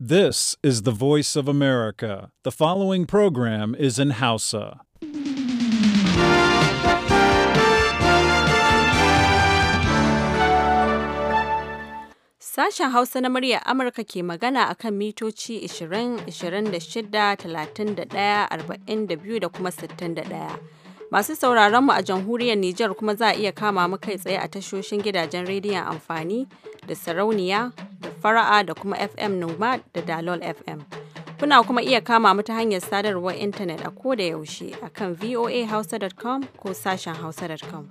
This is the voice of America. The following program is in Hausa. Sashen Hausa na muryar Amurka ke magana a kan mitoci 20, 26, 31, 42 da kuma 61. Masu sauraron mu a jamhuriyar Nijar kuma za a iya kama mu kai tsaye a tashoshin gidajen rediyon amfani da sarauniya da fara'a da kuma FM Numa da Dalol FM. Kuna kuma iya kama mu ta hanyar sadarwar intanet a koda yaushe akan voahausa.com ko sashen hausa.com.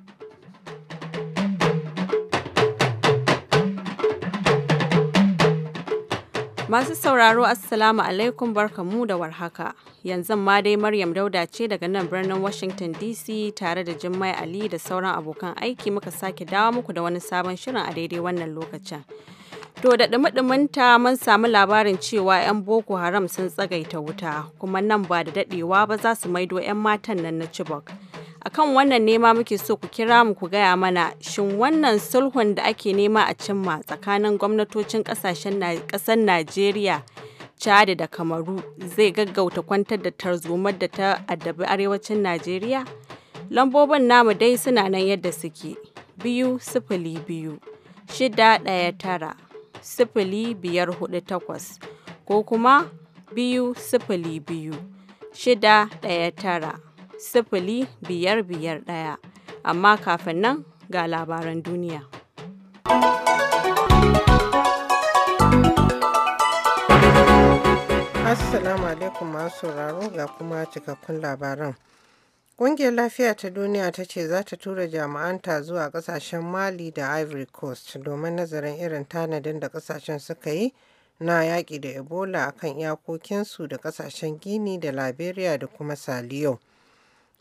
Masu sauraro Assalamu alaikum barkamu da warhaka. Yanzu ma dai Maryam Dauda ce daga nan birnin Washington DC tare da Jummai Ali da sauran abokan aiki muka sake dawo muku da wani sabon shirin a daidai wannan lokacin. To da ɗumiɗuminta mun samu labarin cewa 'yan Boko Haram sun tsagaita wuta kuma nan ba da daɗewa ba za su maido 'yan matan nan na Chibok. akan wannan nema muke so ku kira mu ku gaya mana shin wannan sulhun da ake nema a cimma tsakanin gwamnatocin kasashen najeriya chad da kamaru zai gaggauta kwantar da tarzomar da ta addabi arewacin najeriya lambobin namu dai suna nan yadda suke biyu sifili biyu shida ɗaya tara sifili biyar hudu takwas ko kuma biyu sifili biyu shida ɗaya tara sifili biyar biyar ɗaya. Amma kafin nan ga labaran duniya. Assalamu alaikum masu sauraro ga kuma cikakkun labaran. Ƙungiyar Lafiya ta Duniya ta ce za ta tura jami'anta zuwa ƙasashen Mali da Ivory Coast domin nazarin irin tanadin da ƙasashen suka yi na yaƙi da Ebola a kan iyakokinsu da ƙasashen Gini da Liberia da kuma Saliyo.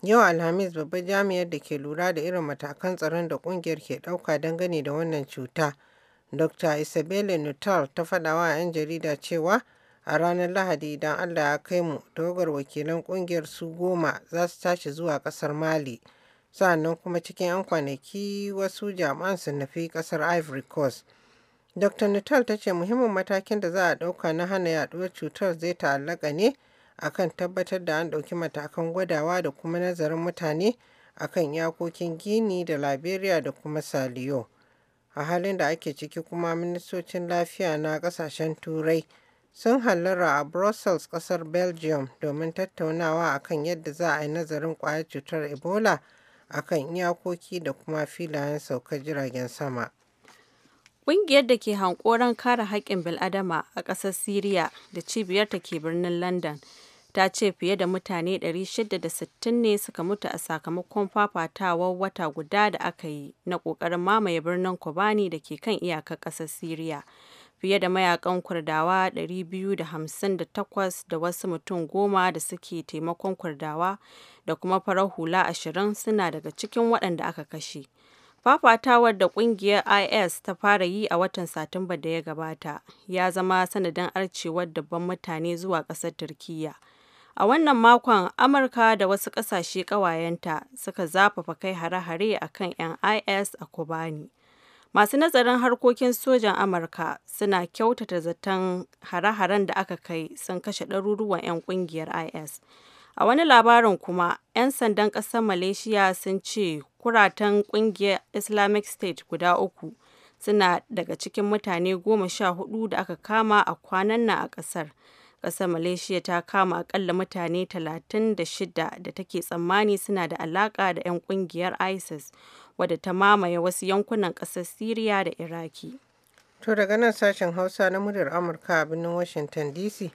Yau Alhamis babbar jami'ar da ke lura da irin matakan tsaron da ƙungiyar ke ɗauka gani da wannan cuta, Dr. Isabella Nuttall ta faɗawa ‘yan jarida cewa a ranar Lahadi idan Allah ya kai mu, tawagar wakilan ƙungiyar su goma za su tashi zuwa ƙasar Mali, sa'annan kuma cikin ‘yan kwanaki wasu jami'an su nufi ƙasar Ivory Coast. Dr. Nuttall ta ce muhimmin matakin da za a ɗauka na hana yaɗuwar cutar zai ta'allaka ne akan tabbatar da an ɗauki matakan gwadawa da kuma nazarin mutane akan iyakokin gini da liberia da kuma saliyo a halin da ake ciki kuma ministocin lafiya na ƙasashen turai sun hallara a brussels ƙasar belgium domin tattaunawa akan yadda za a yi nazarin ƙwayar cutar ebola akan iyakoki da kuma filayen saukar jiragen sama Ƙungiyar da ke hankoron kare haƙƙin bil'adama a ƙasar Siriya da cibiyarta ke birnin London ta ce fiye da mutane 660 ne suka mutu a sakamakon fafatawar wata guda da aka yi na ƙoƙarin mamaye birnin kobani da ke kan iyakar ƙasar Siriya. Fiye da mayakan Kurdawa 258 da wasu mutum goma da suke taimakon Kurdawa da kuma farar hula 20 suna daga cikin waɗanda aka kashe. fafatawar da ƙungiyar is ta fara yi a watan satumba da ya gabata ya zama sanadin arcewar dabban mutane zuwa ƙasar turkiyya A wannan makon, Amurka da wasu ƙasashe ƙawayenta suka zafafa kai hare-hare a kan 'yan IS a Kobani. Masu nazarin harkokin sojan Amurka suna kyautata zaton hare-haren da aka kai sun kashe ɗaruruwan 'yan ƙungiyar IS. A wani labarin kuma, 'yan sandan ƙasar Malaysia sun ce kuratan ƙungiyar Islamic State guda uku suna daga cikin mutane goma sha hudu da aka kama a kwanan nan a ƙasar. Ƙasar Malaysia ta kama akalla mutane 36 da take tsammani suna da alaƙa da 'yan kungiyar ISIS wadda ta mamaye wasu yankunan ƙasar Siriya da Iraki. To daga nan sashen Hausa na muryar Amurka a birnin Washington DC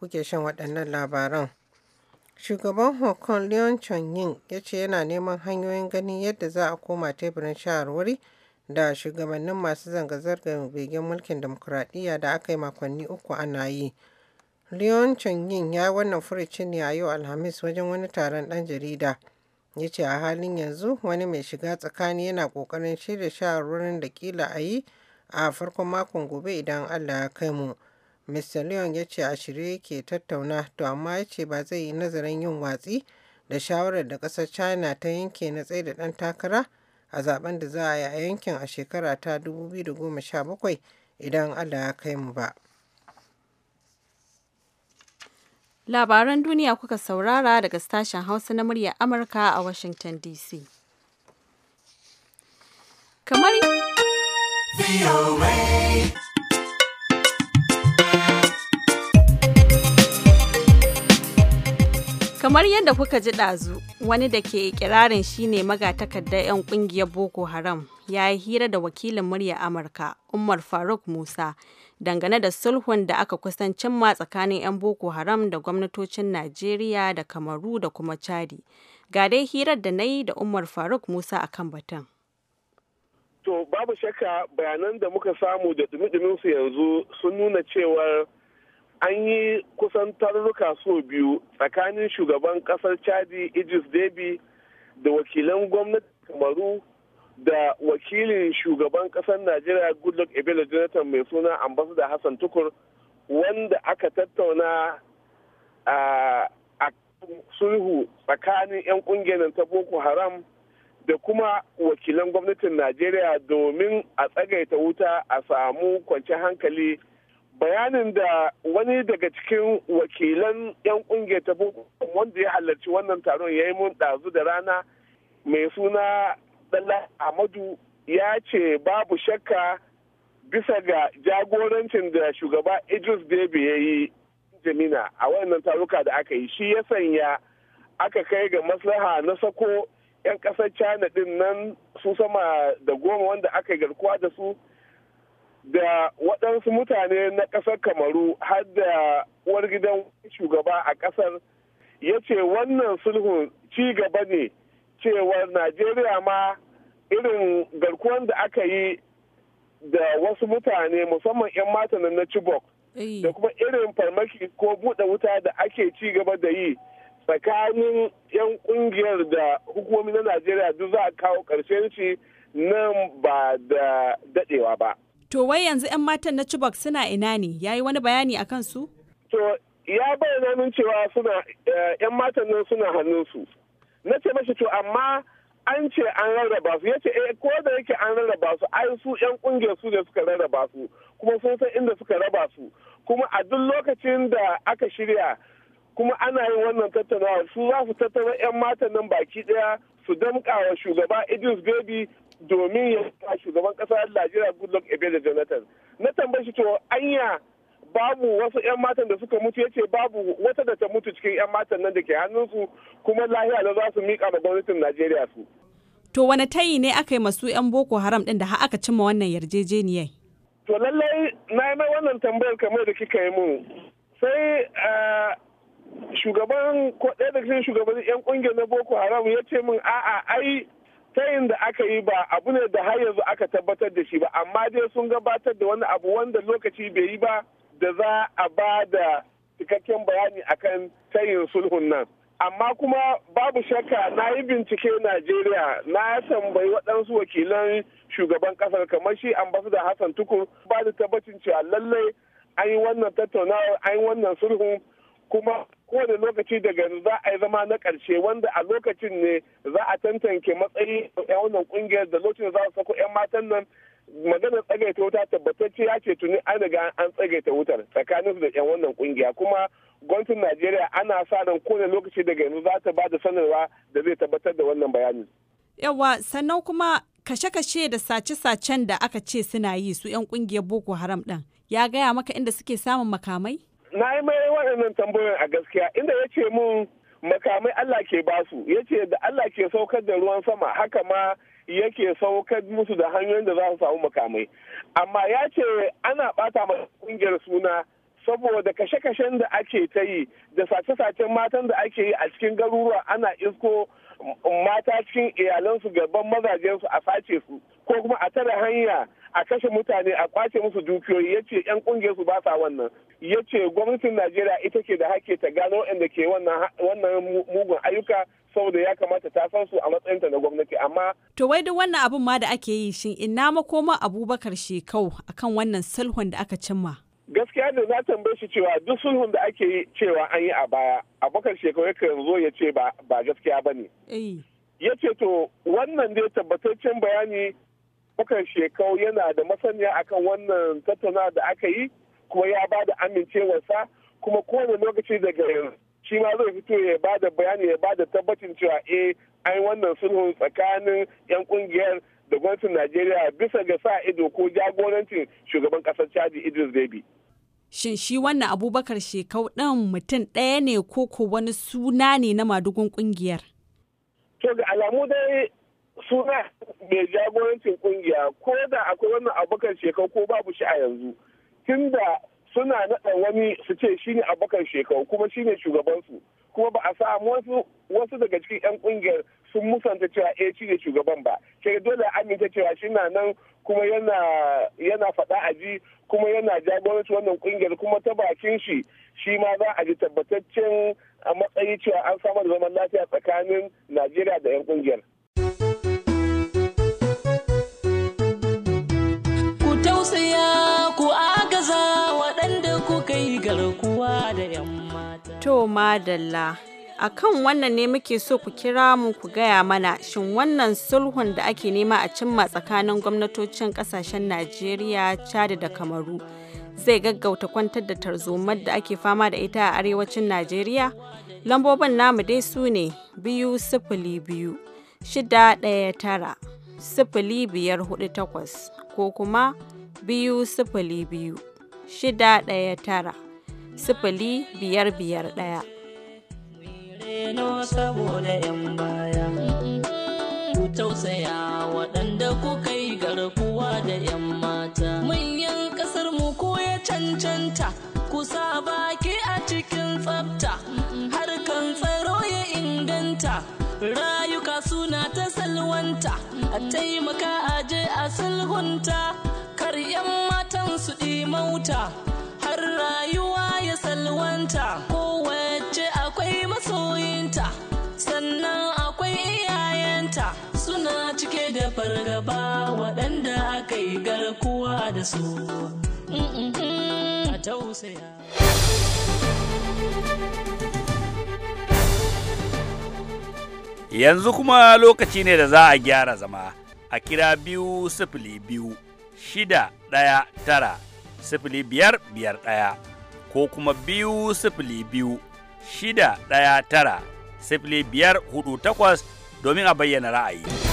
kuke shan waɗannan labaran. Shugaban Hong Kong Leon Chong-yin ya ce yana neman hanyoyin ganin yadda za a koma teburin shawarwari da shugabannin masu zanga-zangar begen mulkin demokuraɗiyya da aka yi makonni uku ana yi. Leon Chongqing ya yi wannan furucin ne a yau Alhamis wajen wani taron ɗan jarida. Ya ce a halin yanzu wani mai shiga tsakani yana kokarin shirya shawarwarin da kila a yi a farkon makon gobe idan Allah ya kai mu. Mr. Leon ya ce a shirye yake tattauna to amma ya ce ba zai yi nazarin yin watsi da shawarar da ƙasar China ta yanke na tsaye da ɗan takara a zaben da za a yi a yankin a shekara ta 2017 idan Allah ya kai mu ba. Labaran duniya kuka saurara daga sashen Hausa na muryar Amurka a Washington DC. Kamar Kamar yadda kuka ji ɗazu, wani da ke ikirarin shine magatakarda 'yan ƙungiyar Boko Haram ya yi hira da wakilin murya Amurka, Umar Faruk Musa, dangane da sulhun da aka kusan cimma tsakanin 'yan Boko Haram da gwamnatocin Najeriya da Kamaru da kuma Chadi. Ga dai hirar da na yi da Umar Faruk Musa a kan batun. To babu shakka bayanan da muka samu da dumi su yanzu sun nuna cewar an yi kusan tarurruka so biyu tsakanin shugaban kasar Chadi Idris debi da wakilan gwamnati Kamaru da wakilin shugaban kasar najeriya goodluck ebele jonathan mai suna ambasada hassan tukur wanda aka tattauna a sulhu tsakanin 'yan kungiyar ta boko haram da kuma wakilan gwamnatin najeriya domin a tsagaita wuta a samu kwanci hankali bayanin da wani daga cikin wakilan 'yan kungiyar ta boko wanda ya halarci wannan taron ya yi mun ɗazu da rana mai suna abdullahi ahmadu ya ce babu shakka bisa ga jagorancin da shugaba idris debi ya yi jamina a wannan taruka da aka yi shi ya sanya aka kai ga maslaha na sako 'yan kasar china din nan su sama da goma wanda aka yi garkuwa da su da waɗansu mutane na ƙasar kamaru har da uwar gidan shugaba a ƙasar ya ce wannan sulhun ci gaba ne cewar najeriya ma irin garkuwan da aka yi da wasu mutane musamman 'yan matanan na chibok eh. da kuma irin farmaki ko buɗe wuta da ake ci gaba da yi tsakanin 'yan kungiyar da hukumomi na najeriya duk za a kawo ƙarshen shi nan ba da daɗewa ba to wai yanzu 'yan matan na chibok suna ina ne ya yi wani bayani a kansu to ya bayyana min cewa suna 'yan eh, matan nan suna hannunsu na ce mashi to amma an ce an rarraba su ya ce eh ko da yake an rarraba su ai su yan kungiyar su ne suka rarraba su kuma sun san inda suka raba su kuma a duk lokacin da aka shirya kuma ana yin wannan tattaunawa su za su tattara yan matan nan baki daya su damka wa shugaba Idris Baby domin ya shugaban kasar Najeriya Goodluck Ebele Jonathan na shi to anya babu wasu 'yan matan da suka mutu yace babu wata da ta mutu cikin 'yan matan nan da ke hannunsu kuma lahiya da za su miƙa ma gwamnatin Najeriya su. To wani tayi ne aka yi masu 'yan Boko Haram ɗin da har aka cimma wannan yarjejeniyar? To lallai na yi mai wannan tambayar kamar da kika yi mun. Sai shugaban ko ɗaya da cikin shugabannin 'yan ƙungiyar na Boko Haram ya ce min a'a ai tayin da aka yi ba abu ne da har yanzu aka tabbatar da shi ba amma dai sun gabatar da wani abu wanda lokaci bai yi ba da za a ba da cikakken bayani akan tayin sulhun nan amma kuma babu shakka na yi bincike najeriya na tambayi waɗansu wakilan shugaban ƙasar kamar shi ambasada hassan tukur ba da tabbacin cewa lallai an yi wannan tattaunawa an yi wannan sulhun kuma kowane lokaci daga za a yi zama na ƙarshe wanda a lokacin ne za a tantance matsayi 'yan wannan ƙungiyar da lokacin za a sako 'yan matan nan maganar tsagaita wuta tabbatacciya ce tuni an riga an tsagaita wutar tsakanin da 'yan wannan kungiya kuma gwamnatin najeriya ana sa ran kowane lokaci daga yanzu za ta ba da sanarwa da zai tabbatar da wannan bayanin yawa sannan kuma kashe-kashe da sace-sacen da aka ce suna yi su 'yan kungiyar boko haram ɗin ya gaya maka inda suke samun makamai na yi mai waɗannan tambayoyin a gaskiya inda ya ce mun makamai allah ke basu ya ce da allah ke saukar da ruwan sama haka ma yake saukar musu da hanyoyin da za su samu makamai amma ya ce ana bata ma kungiyar suna saboda kashe-kashen da ake ta yi da sace-sacen matan da ake yi a cikin garuruwa ana isko mata cikin iyalansu gaban mazajensu a face su ko kuma a tare hanya a kashe mutane a kwace musu dukiyoyi ya ce 'yan kungiyar su ba sa wannan ya ce gwamnatin najeriya ita ke da hake ta gano inda ke wannan mugun ayyuka saboda ya kamata ta san su a matsayin ta na gwamnati amma to wai duk wannan abin ma da ake yi shin ina makoma abubakar shekau akan wannan sulhun da aka cimma gaskiya ne za tambaye shi cewa duk sulhun da ake yi cewa an yi a baya abokan shekaru kan zo ya ce ba gaskiya ba ne eh. ya ce to wannan dai tabbataccen bayani bakar shekau yana da masaniya akan wannan tattauna da aka yi kuma ya ba da amincewarsa kuma kowane lokaci daga shi ma zai fito ya ba da bayani ya ba da tabbacin cewa eh an yi wannan sulhun tsakanin 'yan kungiyar da gwamnatin najeriya bisa ga sa ido ko jagorancin shugaban kasar chadi idris debi shin shi wannan abubakar shekau ɗin mutum ɗaya ne ko ko wani suna ne na madugun ƙungiyar? To ga alamu dai suna mai jagorancin ƙungiya ko da akwai wannan abubakar shekau ko babu shi a yanzu tun da suna naɗa wani su ce shi ne abubakar shekau kuma shi ne shugabansu kuma ba a samu wasu daga cikin 'yan ƙungiyar sun musanta cewa eh shi ne shugaban ba sai dole aminta cewa shi na nan kuma yana yana a ji kuma yana jagoranci wannan kungiyar kuma ta bakin shi shi ma za a ji tabbataccen a matsayi cewa an samar da zaman lafiya tsakanin najeriya da 'yan kungiyar. ku tausaya ku agaza waɗanda kuka yi garkuwa da 'yan mata. to madalla Akan wannan ne muke so ku kira mu ku gaya mana shin wannan sulhun da ake nema a cimma tsakanin gwamnatocin kasashen najeriya chad da kamaru zai gaggauta kwantar da tarzomar da ake fama da ita a arewacin najeriya lambobin namu dai su ne biyu sifili biyu shida ɗaya tara sifili biyar hudu takwas ko kuma biyu sifili biyu shida ɗaya tara sifili biyar biyar ɗaya reno saboda 'yan baya ku tausaya waɗanda kuka yi garkuwa da 'yan mata manyan ƙasar mu ko ya cancanta kusa baki a cikin tsafta harkan tsaro ya inganta rayuka suna ta salwanta a taimaka a je a sulhunta kar 'yan matan su ɗi mauta har rayuwa ya salwanta fargaba waɗanda aka yi garkuwa da su a tausaya. Yanzu kuma lokaci ne da za a gyara zama a kira biyu sifili biyu shida ɗaya tara sifili biyar biyar ɗaya ko kuma biyu sifili biyu shida ɗaya tara sifili biyar hudu takwas domin a bayyana ra'ayi.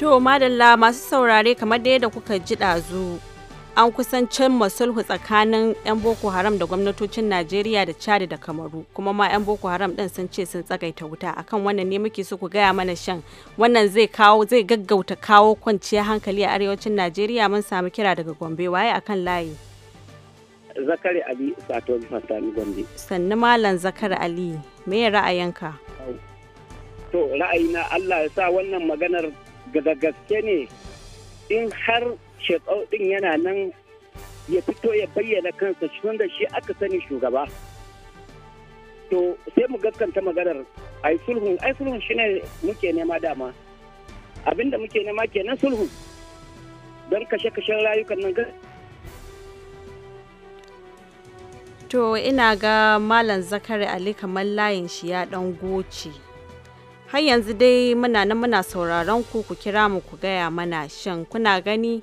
To madalla masu saurare kamar da kuka ji ɗazu an kusan cimma sulhu tsakanin 'yan Boko Haram da gwamnatocin Najeriya da Chad da Kamaru kuma ma 'yan Boko Haram ɗin sun ce sun tsagaita wuta akan wannan ne muke so ku gaya mana shan wannan zai kawo zai gaggauta kawo kwanciyar hankali a arewacin Najeriya mun samu kira daga Gombe waye akan layi. Zakari Ali Sato Fasani Gombe. Sannu Malam Zakari Ali me ra'ayinka? To ra'ayina Allah ya sa wannan maganar da gaske ne in har shekau din yana nan ya fito ya bayyana kansa cikin da shi aka sani shugaba to sai mu gaskanta maganar ai sulhun ai sulhun shine muke nema dama abinda muke nema kenan sulhun don kashe-kashen rayukan nan to ina ga malam zakari ali kamar layin shi ya dan goce har yanzu dai muna nan muna sauraron ku ku kira mu ku gaya mana shin kuna gani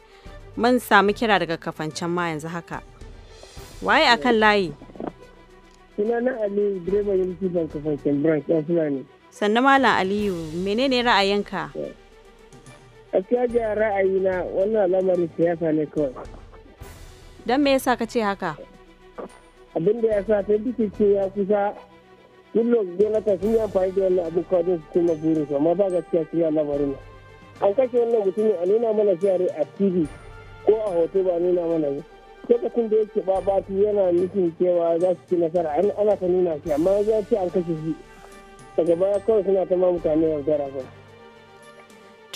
mun samu kira daga kafancen ma yanzu haka waye akan layi sunana aliyu direban yin kifan kafancen branch suna ne. sannan malam aliyu menene ra'ayinka a ga ra'ayina wannan lamarin siyasa ne kawai don me yasa ka ce haka Abinda ya sa ta duka ya kusa kullum lokacin sun yi amfani da wannan abin kawai su cimma su amma ba gaskiya su yi lamarin an kashe wannan mutumin a nuna mana shi a tv ko a hoto ba nuna mana sai lokacin da yake babatu yana nufin cewa za su ci nasara ana ta nuna shi amma ya ce an kashe shi daga baya kawai suna ta ma mutane yaudara ba.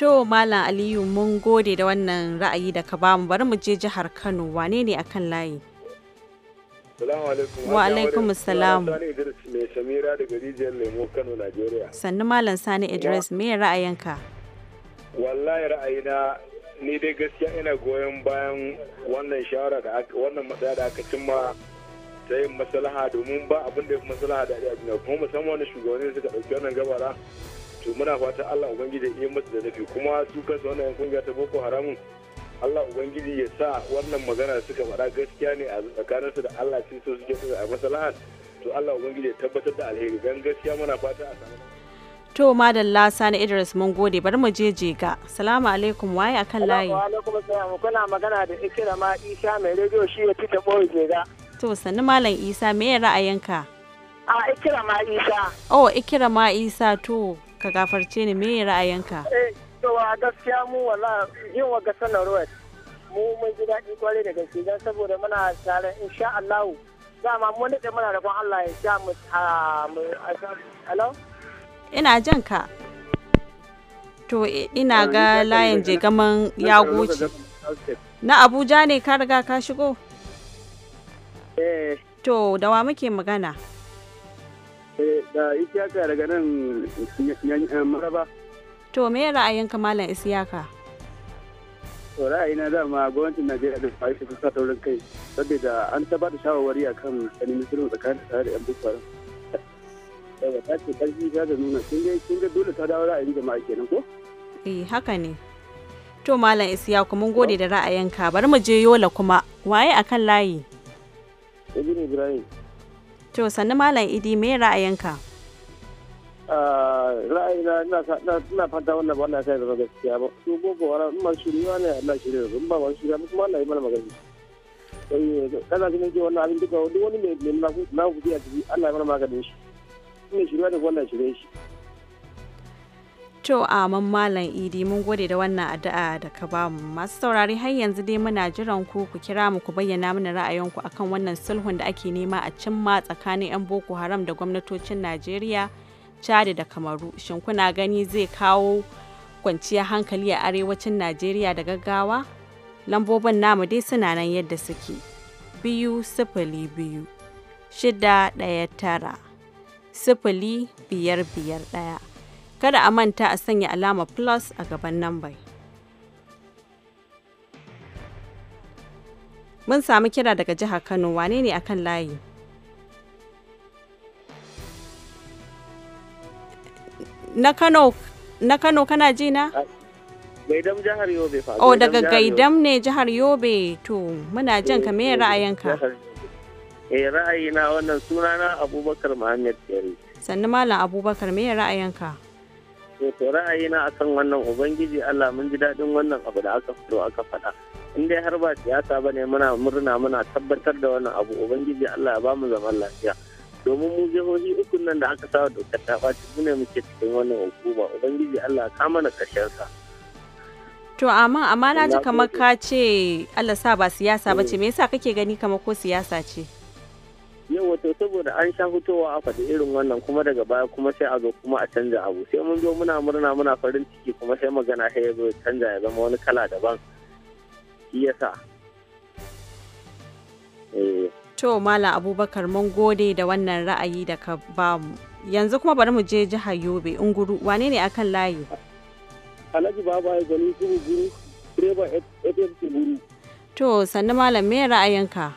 To Malam Aliyu mun gode da wannan ra'ayi da ka bamu bari mu je jihar Kano wane ne akan layi? Wa alaikum salam. Sani Idris me Samira daga rijiyar Lemo Kano, Najeriya. Sannu Malam Sani Idris, me ra'ayinka? Wallahi ra'ayina ni dai gaskiya ina goyon bayan wannan shawara da wannan matsaya da aka cimma ta yin maslaha domin ba abin da ya fi maslaha da a duniya kuma musamman wani shugabanni suka ɗauki wannan gabara to muna fatan Allah ubangiji ya yi masa da nufi kuma su kansu wannan yan kungiya ta Boko Haramun Allah Ubangiji ya sa wannan magana suka faɗa gaskiya ne a tsakaninsu da Allah sai so suke a masalahar to Allah Ubangiji ya tabbatar da alheri dan gaskiya muna fata a samu. To madalla Sani Idris mun gode bar mu je je ga. Salamu alaikum waye akan layi. Wa alaikum assalam kuna magana da Ikira ma Isa mai rediyo shi ya fita boye ga. To sanni malam Isa me ra'ayinka? A Ikira ma Isa. Oh Ikira ma Isa to ka gafarce ni me ra'ayinka? Eh cewa gaskiya mu wala yin wa waga sanarwar mu mun ji daɗi kwarai da gaske don saboda muna tare insha Allah dama mun da muna rabon Allah ya sha mu a mu hello ina jan ka to ina ga layin je gaman ya goce na Abuja ne ka riga ka shigo eh. to da wa muke magana eh, da ita daga nan maraba to me ra'ayinka malam isiyaka to ra'ayina dama gwamnatin najeriya da ba ta sa taurin kai saboda an ta ba da shawarwari akan tsanin musulun tsakanin tare da yan Da daga ta ce karfi ta da nuna sun ga sun ga dole ta dawo ra'ayin jama'a kenan ko eh haka ne to malam isiyaku mun gode da ra'ayinka bari mu je yola kuma waye akan layi Ibrahim. To sannu Malam Idi me ra'ayinka? ra'ayina ina fata wannan ba Allah ya zama gaskiya ba su boko haram in ma shirya ne Allah shirya in ba wani shirya kuma Allah yi mana magana kana ganin ke wannan abin duka duk wani mai mai nafuki a ciki Allah ya mana maganin shi ne shirya da wannan shirya shi To a Malam Idi mun gode da wannan addu'a da ka ba mu masu saurari har yanzu dai muna jiran ku ku kira mu ku bayyana mana ra'ayinku akan wannan sulhun da ake nema a cimma tsakanin 'yan Boko Haram da gwamnatocin Najeriya. chadi da kamaru shin kuna gani zai kawo kwanciyar hankali a arewacin najeriya da gaggawa lambobin namu dai suna nan yadda suke biyu sifili biyu shida ɗaya tara sifili biyar biyar ɗaya kada a manta a sanya alama plus a gaban lambar mun samu kira daga jihar kano wane ne akan layi na Kano na Kano kana ji na? Gaidam jihar Yobe fa. Oh daga Gaidam ne jihar Yobe to muna eh, jan ka me ra'ayinka? Eh na wannan sunana Abubakar Muhammad Jari. Sannu Malam Abubakar me ra'ayinka? Eh, to na akan wannan Ubangiji Allah mun ji daɗin wannan abu da aka fito aka faɗa. In dai har ba siyasa bane muna murna muna tabbatar da wannan abu Ubangiji Allah ya ba mu zaman lafiya. domin mu jihohi uku nan da aka sawa dokar ta ɓaci mu ne muke cikin wannan hukuma ubangiji Allah ka mana ƙarshen sa to amma amma na ji kamar ka ce Allah sa ba siyasa ba ce mm. me yasa kake gani kamar ko siyasa ce yau wato saboda an sha fitowa a faɗi irin wannan kuma daga baya kuma sai a zo kuma a canza abu sai mun zo muna murna muna farin ciki kuma sai magana sai ya zo ya canza ya zama wani kala daban shi yasa eh To Malam Abubakar mun gode da wannan ra'ayi da ka bamu. Yanzu kuma bari mu je jihar Yobe Unguru wane ne akan layi? Alhaji Baba ya gani guru guru direba FFC guru. To sannu malam me ra'ayinka?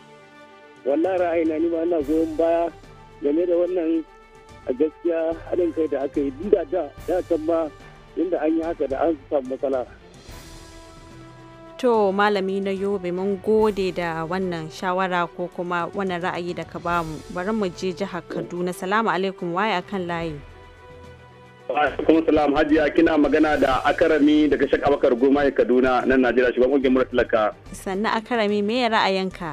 Wallahi ra'ayina ni ba ina goyon baya game da wannan a gaskiya haɗin kai da aka yi duk da da can ma inda an yi haka da an samu matsala. To malami na Yobe mun gode da wannan shawara ko kuma wannan ra'ayi da ka bamu. Bari mu je jihar Kaduna. Salamu alaikum waye akan layi. alaikum salam hajiya kina magana da akarami daga shaka abakar goma ya kaduna nan najeriya shugaban kungiyar murar talaka sannan akarami me ya ra'ayinka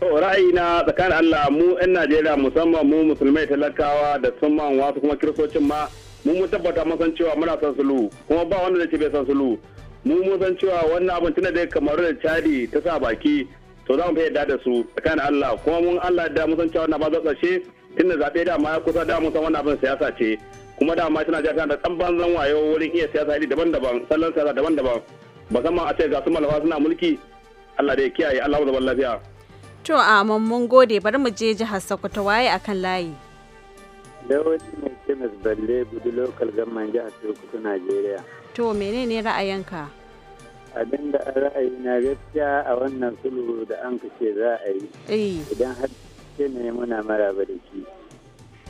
to na tsakanin allah mu yan najeriya musamman mu musulmai talakawa da sunan wasu kuma kiristocin ma mun mun tabbata mun san cewa muna san sulu kuma ba wanda zai ce bai san sulu mu mun san cewa wannan abin tuna da kamaru da chadi ta sa baki to za mu fi yadda da su tsakanin Allah kuma mun Allah da mun san cewa wannan ba za tsashe tunda zaɓe da ma ya kusa da mun san wannan abin siyasa ce kuma da ma tana ja tana da ɗan banzan wayo wurin iya siyasa iri daban-daban sallan siyasa daban-daban musamman a ce ga su malafa suna mulki Allah da ya kiyaye Allah mu zaman lafiya. To a mun gode bari mu je jihar Sokoto waye akan layi. Dawudi mai kemis balle budu lokal gamman jihar Sokoto Najeriya. To menene ra'ayinka? Abin da ra'ayi na gaskiya a wannan sulhu da an kace za yi. Idan har ce ne muna maraba da shi.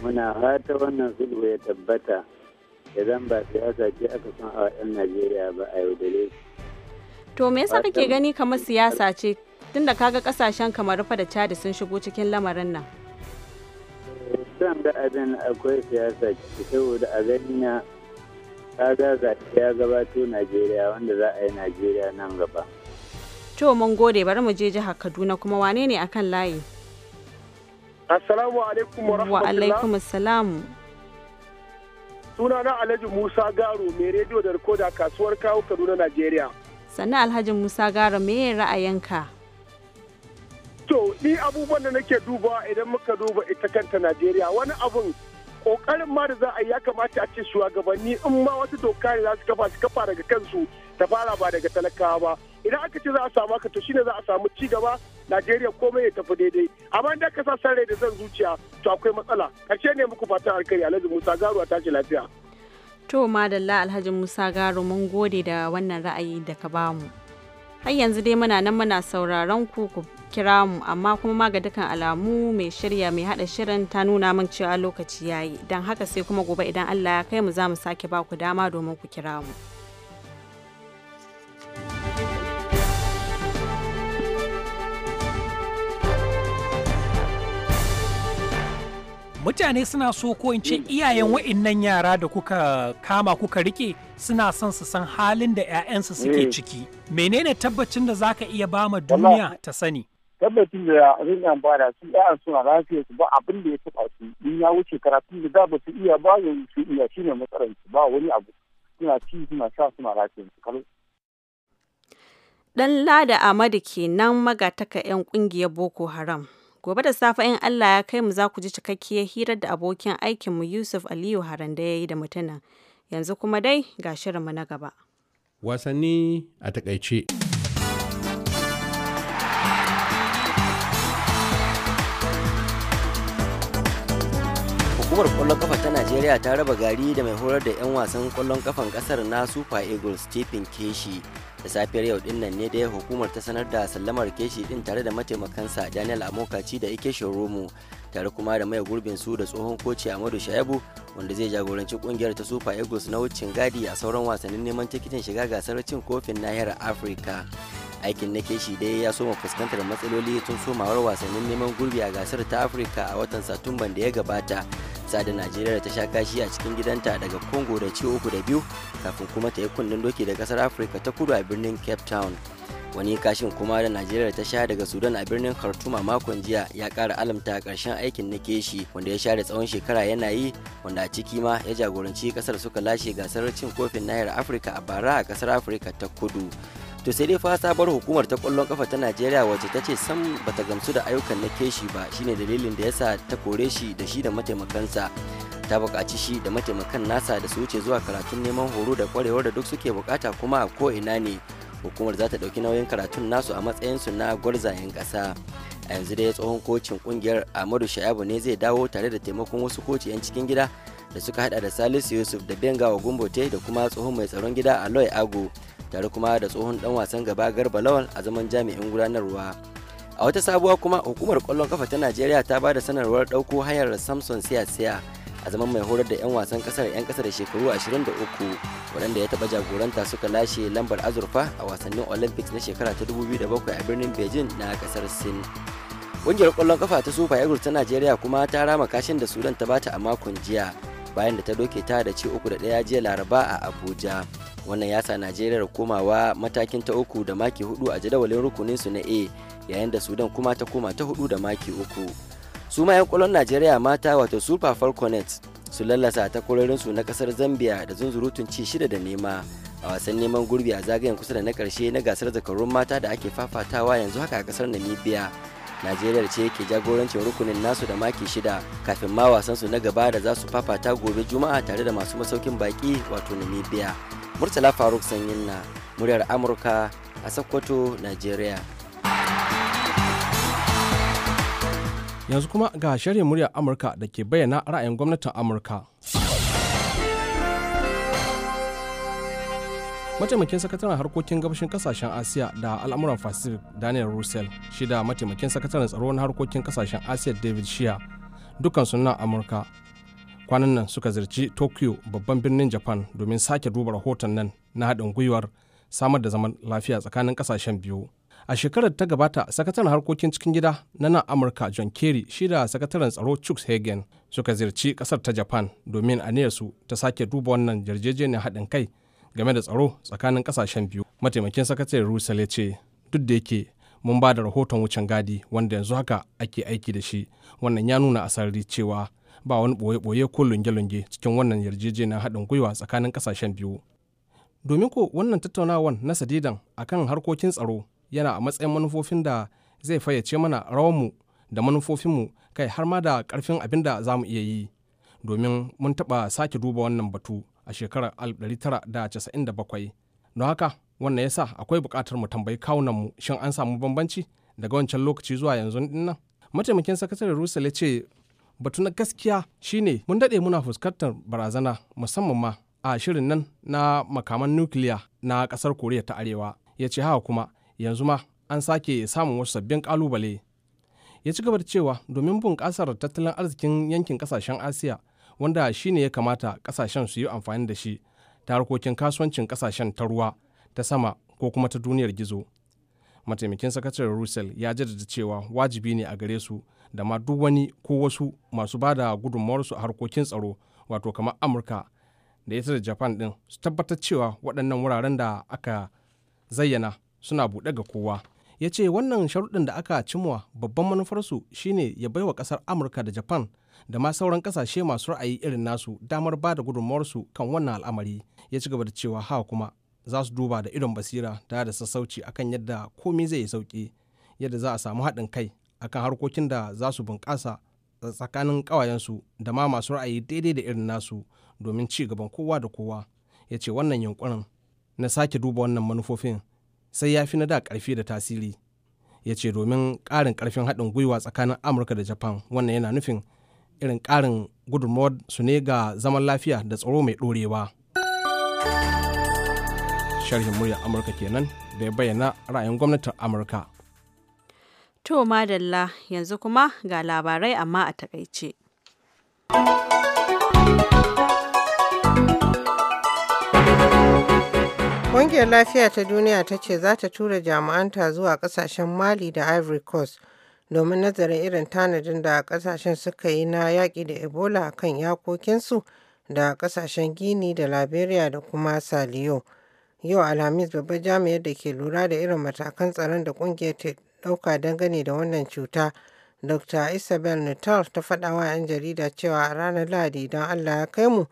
Muna fata wannan sulhu ya tabbata. Idan ba siyasa ce aka san a waɗannan Najeriya ba a yaudare. To me yasa kake gani kamar siyasa ce tunda kaga kasashen kamar rufa da Chad sun shigo cikin lamarin nan? Eh, san da abin akwai siyasa ce saboda a gani kaga zaɓe ya gabato najeriya wanda za a yi najeriya nan gaba to mun gode bari mu je jihar kaduna kuma wane ne akan layi assalamu alaikum wa wa alaikum assalam suna na alhaji musa garo mai rediyo da rikoda kasuwar kawo kaduna najeriya sannan alhaji musa garo me ra'ayinka to ni abubuwan da nake duba idan muka duba ita kanta najeriya wani abun kokarin ma da za a yi ya kamata a ce shugabanni in ma wasu doka ne za su kafa su kafa daga kansu ta fara ba daga talakawa ba idan aka ce za a samu haka to shine za a samu ci gaba Najeriya komai ya tafi daidai amma idan ka sa san rai da zan zuciya to akwai matsala karshe ne muku fatan alkhairi Alhaji Musa Garu a tashi lafiya to madalla Alhaji Musa Garu mun gode da wannan ra'ayi da ka bamu har yanzu dai muna nan muna sauraron ku ku kira mu amma kuma ma ga dukkan alamu mai shirya mai hada shirin ta nuna min cewa lokaci yayi don haka sai kuma gobe idan Allah ya kai mu za mu sake ba ku dama domin ku kira mu. mutane suna so ko in ce iyayen wa'innan yara da kuka kama kuka rike suna son su san halin da 'ya'yansu suke eh. ciki menene tabbacin da zaka iya ba ma duniya ta sani tabbacin da ba bada su yaran suna lafiya su ba abin da ya taba su in ya wuce karatun da za ba su iya ba yanzu su iya shine matsalar su ba wani abu suna ci suna sha suna lafiya su kalu. dan lada amadu kenan magataka yan kungiyar boko haram Gobe da safe in Allah ya kai mu za ku ji cikakkiyar hirar da abokin aikinmu Yusuf Aliyu Haranda ya yi da mutuna Yanzu kuma dai ga shirinmu na gaba. Wasanni a takaice. hukumar kwallon kafa ta najeriya ta raba gari da mai horar da 'yan wasan kwallon kafan kasar na super eagles stephen keshi da safiyar yau din nan ne da hukumar ta sanar da sallamar keshi din tare da mataimakan mataimakansa daniel amokaci da ike romo tare kuma da mai gurbin su da tsohon koci amadu shayabu wanda zai jagoranci kungiyar ta super eagles na wucin gadi a sauran wasannin neman tikitin shiga gasar cin kofin nahiyar afirka aikin na keshi dai ya soma fuskantar matsaloli tun somawar wasannin neman gurbi a gasar ta afirka a watan satumban da ya gabata da najeriya ta sha kashi a cikin gidanta daga congo da ci uku da biyu kafin kuma ta yi kunnen doki da kasar afirka ta kudu a birnin cape town wani kashin kuma da najeriya ta sha daga sudan a birnin khartoum makon jiya ya kara alamta karshen aikin na keshi wanda ya share tsawon shekara yana yi wanda a ciki ma ya jagoranci kasar suka lashe gasar cin kofin nahiyar afirka a bara a kasar afirka ta kudu to sai dai fa sabar hukumar ta kwallon kafa ta najeriya wacce ta ce sam bata gamsu da ayyukan na keshi ba shine dalilin da yasa ta kore shi da shi da mataimakansa ta bukaci shi da mataimakan nasa da su wuce zuwa karatun neman horo da kwarewar da duk suke bukata kuma a ko ina ne hukumar za ta ɗauki nauyin karatun nasu a matsayin su na gwarzayen kasa a yanzu dai tsohon kocin kungiyar amadu sha'abu ne zai dawo tare da taimakon wasu koci 'yan cikin gida da suka hada da salisu yusuf da benga wa gumbote da kuma tsohon mai tsaron gida aloy ago tare kuma da tsohon dan wasan gaba garba lawal a zaman jami'in gudanarwa a wata sabuwa kuma hukumar kwallon kafa ta najeriya ta ba da sanarwar ɗauko hanyar samson siya-siya a zaman mai horar da 'yan wasan kasar 'yan kasa da shekaru 23 waɗanda ya taɓa jagoranta suka lashe lambar azurfa a wasannin olympics na shekara ta 2007 a birnin beijing na kasar sin ƙungiyar kwallon kafa ta super eagles ta najeriya kuma ta rama kashin da sudan ta bata a makon jiya bayan da ta doke ta da ci uku da ɗaya jiya laraba a abuja wannan ya sa najeriya komawa matakin ta uku da maki hudu a jadawalin rukunin su na a yayin da sudan kuma ta koma ta hudu da maki uku su ma 'yan kwallon najeriya mata wato super falconets su lallasa ta su na kasar zambia da zunzurutun ci shida da nema a wasan neman gurbi a zagayen kusa da na karshe na gasar zakarun mata da ake fafatawa yanzu haka a kasar namibia najeriya ce ke jagorancin rukunin nasu da maki shida kafin ma wasansu na gaba da za su fafata gobe juma'a tare da masu masaukin baki wato namibia murtala faruk sanyin na muryar amurka a sokoto najeriya yanzu kuma ga shirin muryar amurka da ke bayyana ra'ayin gwamnatin amurka mataimakin sakataren harkokin gabashin kasashen asiya da al'amuran pacific daniel russell shi da mataimakin sakataren tsaro na harkokin kasashen asiya david shia dukkan na amurka kwanan nan suka zirci tokyo babban birnin japan domin sake duba rahoton nan na haɗin gwiwar samar da zaman lafiya tsakanin kasashen biyu a shekarar ta gabata sakataren harkokin cikin gida na nan amurka john kerry shi da sakataren tsaro chuk hagen suka ziyarci kasar ta japan domin aniyarsu ta sake duba wannan yarjejeniyar haɗin kai game da tsaro tsakanin kasashen biyu mataimakin sakataren rusal ya ce duk da yake mun ba da rahoton wucin gadi wanda yanzu haka ake aiki da shi wannan ya nuna a cewa ba wani boye-boye ko lunge-lunge cikin wannan yarjejeniyar haɗin gwiwa tsakanin kasashen biyu domin ko wannan tattaunawan na sadidan akan harkokin tsaro yana a matsayin manufofin da zai fayyace mana mu da manufofinmu kai har ma da karfin abin da za mu iya yi domin mun taɓa sake duba wannan batu a shekarar 1997 don haka wannan yasa akwai buƙatar mu tambayi kawunanmu shin an samu bambanci daga wancan lokaci zuwa yanzu dinnan mataimakin sakatare sakataren ya ce batu na gaskiya shine mun daɗe muna fuskantar barazana musamman ma a shirin nan na makaman nukiliya na ƙasar koriya ta arewa ya ce haka kuma yanzu ma an sake samun wasu sabbin ƙalubale ya ci gaba da cewa domin bunƙasar tattalin arzikin yankin ƙasashen asiya wanda shi ne ya kamata kasashen su yi amfani da shi ta harkokin kasuwancin kasashen ta ruwa ta sama ko kuma ta duniyar gizo mataimakin sakataren russell ya jaddada cewa wajibi ne a gare su da ma duk wani ko wasu masu ba da gudunmawarsu a harkokin tsaro wato kamar amurka da ita da japan din su tabbatar cewa waɗannan wuraren da aka zayyana suna buɗe ga kowa ya ce wannan sharuɗin da aka cimwa babban manufarsu shine ya baiwa ƙasar amurka da japan da ma sauran kasashe masu ra'ayi irin nasu damar ba da su kan wannan al'amari ya ci gaba da cewa ha kuma za su duba da irin basira da da sassauci akan yadda komai zai yi sauki yadda za a samu haɗin kai akan harkokin da za su bunƙasa tsakanin ƙawayensu da ma masu ra'ayi daidai da irin nasu domin ci gaban kowa da kowa ya ce wannan yankunan na sake duba wannan manufofin sai ya fi na da ƙarfi da tasiri ya ce domin ƙarin ƙarfin haɗin gwiwa tsakanin amurka da japan wannan yana nufin irin ƙarin gudunmawar su ne ga zaman lafiya da tsaro mai ɗorewa. sharhin muryar amurka kenan da ya bayyana ra'ayin gwamnatin amurka to madalla yanzu kuma ga labarai amma a takaice ƙungiyar lafiya ta duniya ta ce za ta tura jami'anta zuwa ƙasashen mali da ivory coast domin nazarin irin tanadin da kasashen suka yi na yaƙi da Ebola a kan yakokinsu da kasashen gini da Liberia da kuma Saliyo. Yau Alhamis babbar jami'ar da ke lura da irin matakan tsaron da ƙungiyar ta ɗauka dangane da wannan cuta, Dr. Isabel Nuttall ta faɗa wa 'yan jarida cewa a ranar Lahadi don Allah ya kai mu,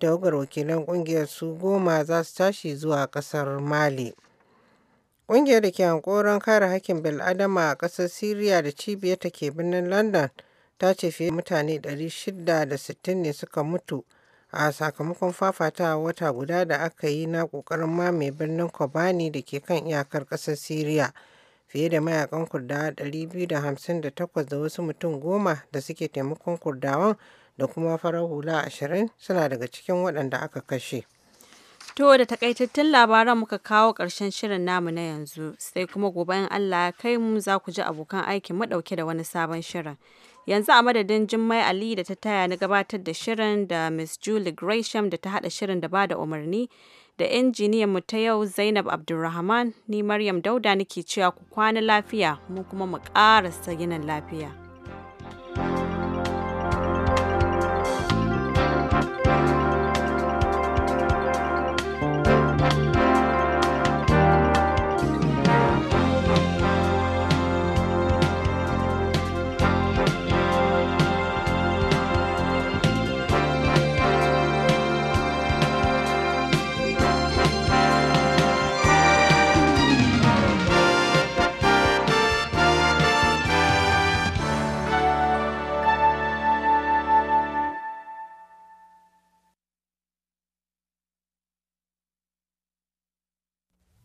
tawagar wakilan ƙungiyar su goma za su tashi zuwa ƙasar Mali. Ƙungiyar da ke hankoron kare hakkin bil'adama a ƙasar Siriya da cibiyar ta ke birnin London ta ce fiye da mutane 660 ne suka mutu a sakamakon fafata wata guda da aka yi na ƙoƙarin mamaye birnin Kobani da ke kan iyakar ƙasar Siriya. Fiye da mayakan Kurdawa 258 da wasu mutum goma da suke taimakon Kurdawan da kuma farar hula 20 suna daga cikin waɗanda aka kashe. To da takaitattun labaran muka kawo ƙarshen shirin namu na yanzu sai kuma gobe in Allah ya kai mu za ku ji abokan aikin mu ɗauke da wani sabon shirin. Yanzu a madadin Jummai Ali da ta taya na gabatar da shirin da Miss Julie Gresham da ta haɗa shirin da ba da umarni da injiniyan mu ta yau Zainab Abdulrahman ni Maryam Dauda nake cewa ku kwana lafiya mu kuma mu ƙara ginin lafiya.